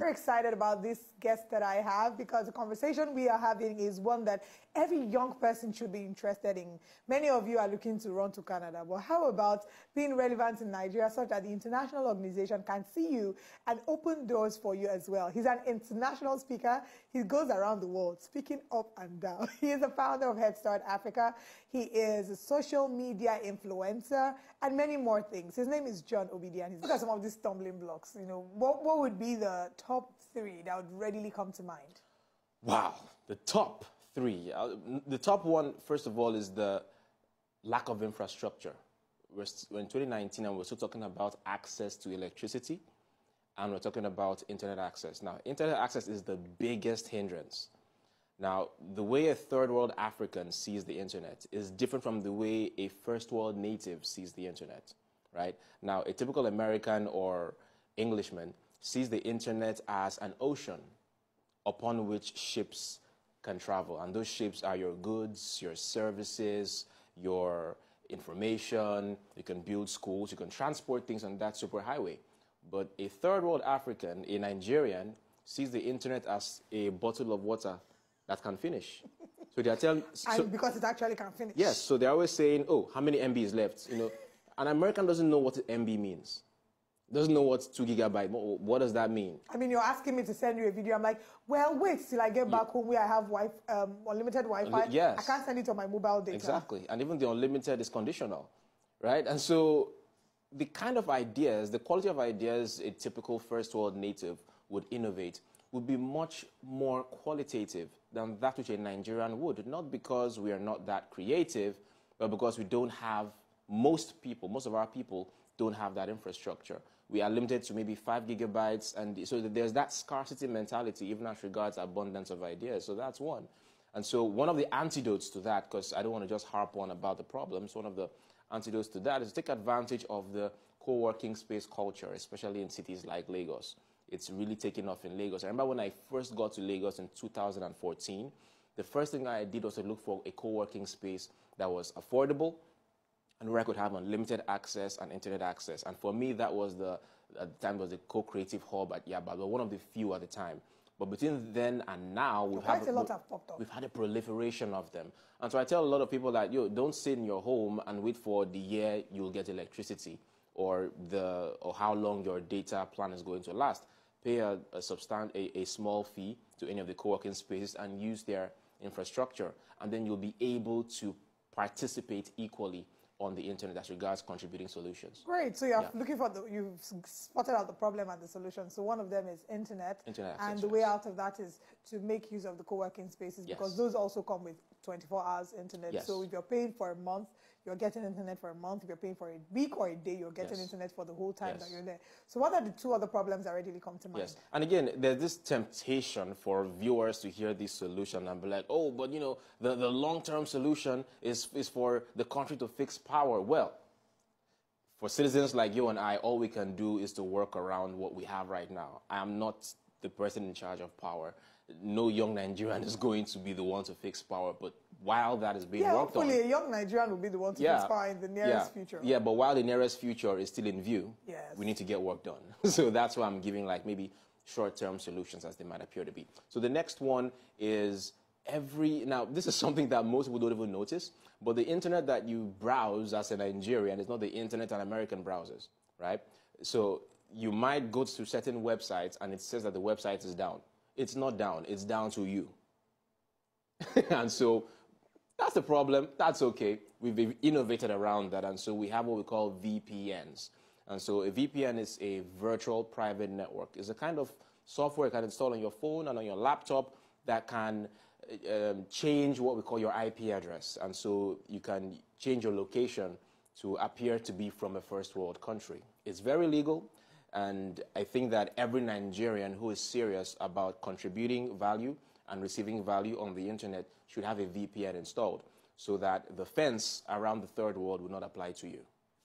very excited about this guest that I have because the conversation we are having is one that every young person should be interested in. Many of you are looking to run to Canada, but how about being relevant in Nigeria so that the international organization can see you and open doors for you as well? He's an international speaker. He goes around the world speaking up and down. He is the founder of Head Start Africa. He is a social media influencer and many more things. His name is John Obidi, he's got some of these stumbling blocks. You know, what, what would be the top top three that would readily come to mind? Wow, the top three. Uh, the top one, first of all, is the lack of infrastructure. We're, we're in 2019 and we're still talking about access to electricity and we're talking about internet access. Now, internet access is the biggest hindrance. Now, the way a third world African sees the internet is different from the way a first world native sees the internet, right? Now, a typical American or Englishman sees the internet as an ocean upon which ships can travel. And those ships are your goods, your services, your information. You can build schools, you can transport things on that superhighway. But a third world African, a Nigerian, sees the internet as a bottle of water that can finish. So they are telling. So, because it actually can finish. Yes, so they're always saying, oh, how many MB is left? You know, an American doesn't know what MB means doesn't know what's two gigabyte. What, what, does that mean? I mean, you're asking me to send you a video. I'm like, well, wait till I get back yeah. home where I have wi- um, unlimited Wi-Fi. Yes. I can't send it on my mobile data. Exactly. And even the unlimited is conditional, right? And so the kind of ideas, the quality of ideas a typical first world native would innovate would be much more qualitative than that which a Nigerian would. Not because we are not that creative, but because we don't have most people, most of our people don't have that infrastructure we are limited to maybe five gigabytes. And so there's that scarcity mentality, even as regards abundance of ideas. So that's one. And so one of the antidotes to that, because I don't want to just harp on about the problems, one of the antidotes to that is to take advantage of the co-working space culture, especially in cities like Lagos. It's really taking off in Lagos. I remember when I first got to Lagos in 2014, the first thing I did was to look for a co-working space that was affordable, and where I could have unlimited access and internet access. And for me, that was the, at the time, was the co-creative hub at Yabba. We were one of the few at the time. But between then and now, we've, had, a lot have popped up. we've had a proliferation of them. And so I tell a lot of people that, yo, don't sit in your home and wait for the year you'll get electricity or, the, or how long your data plan is going to last. Pay a, a, substan- a, a small fee to any of the co-working spaces and use their infrastructure. And then you'll be able to participate equally on the internet as regards contributing solutions. Great. So you're yeah. looking for the, you've spotted out the problem and the solution. So one of them is internet. Internet. And the way out of that is to make use of the co-working spaces yes. because those also come with 24 hours internet. Yes. So if you're paying for a month, you're getting internet for a month. If you're paying for a week or a day, you're getting yes. internet for the whole time yes. that you're there. So what are the two other problems that readily come to mind? Yes, and again, there's this temptation for viewers to hear this solution and be like, oh, but you know, the, the long-term solution is, is for the country to fix power. Well, for citizens like you and I, all we can do is to work around what we have right now. I am not the person in charge of power. No young Nigerian is going to be the one to fix power, but while that is being yeah, worked hopefully on, hopefully a young Nigerian will be the one to yeah, fix power in the nearest yeah, future. Yeah, but while the nearest future is still in view, yes. we need to get work done. so that's why I'm giving like maybe short-term solutions as they might appear to be. So the next one is every now this is something that most people don't even notice but the internet that you browse as a nigerian is not the internet that american browsers right so you might go to certain websites and it says that the website is down. It's not down, it's down to you. and so that's the problem. That's okay. We've innovated around that. And so we have what we call VPNs. And so a VPN is a virtual private network. It's a kind of software you can install on your phone and on your laptop that can um, change what we call your IP address. And so you can change your location to appear to be from a first world country. It's very legal. And I think that every Nigerian who is serious about contributing value and receiving value on the internet should have a VPN installed so that the fence around the third world would not apply to you.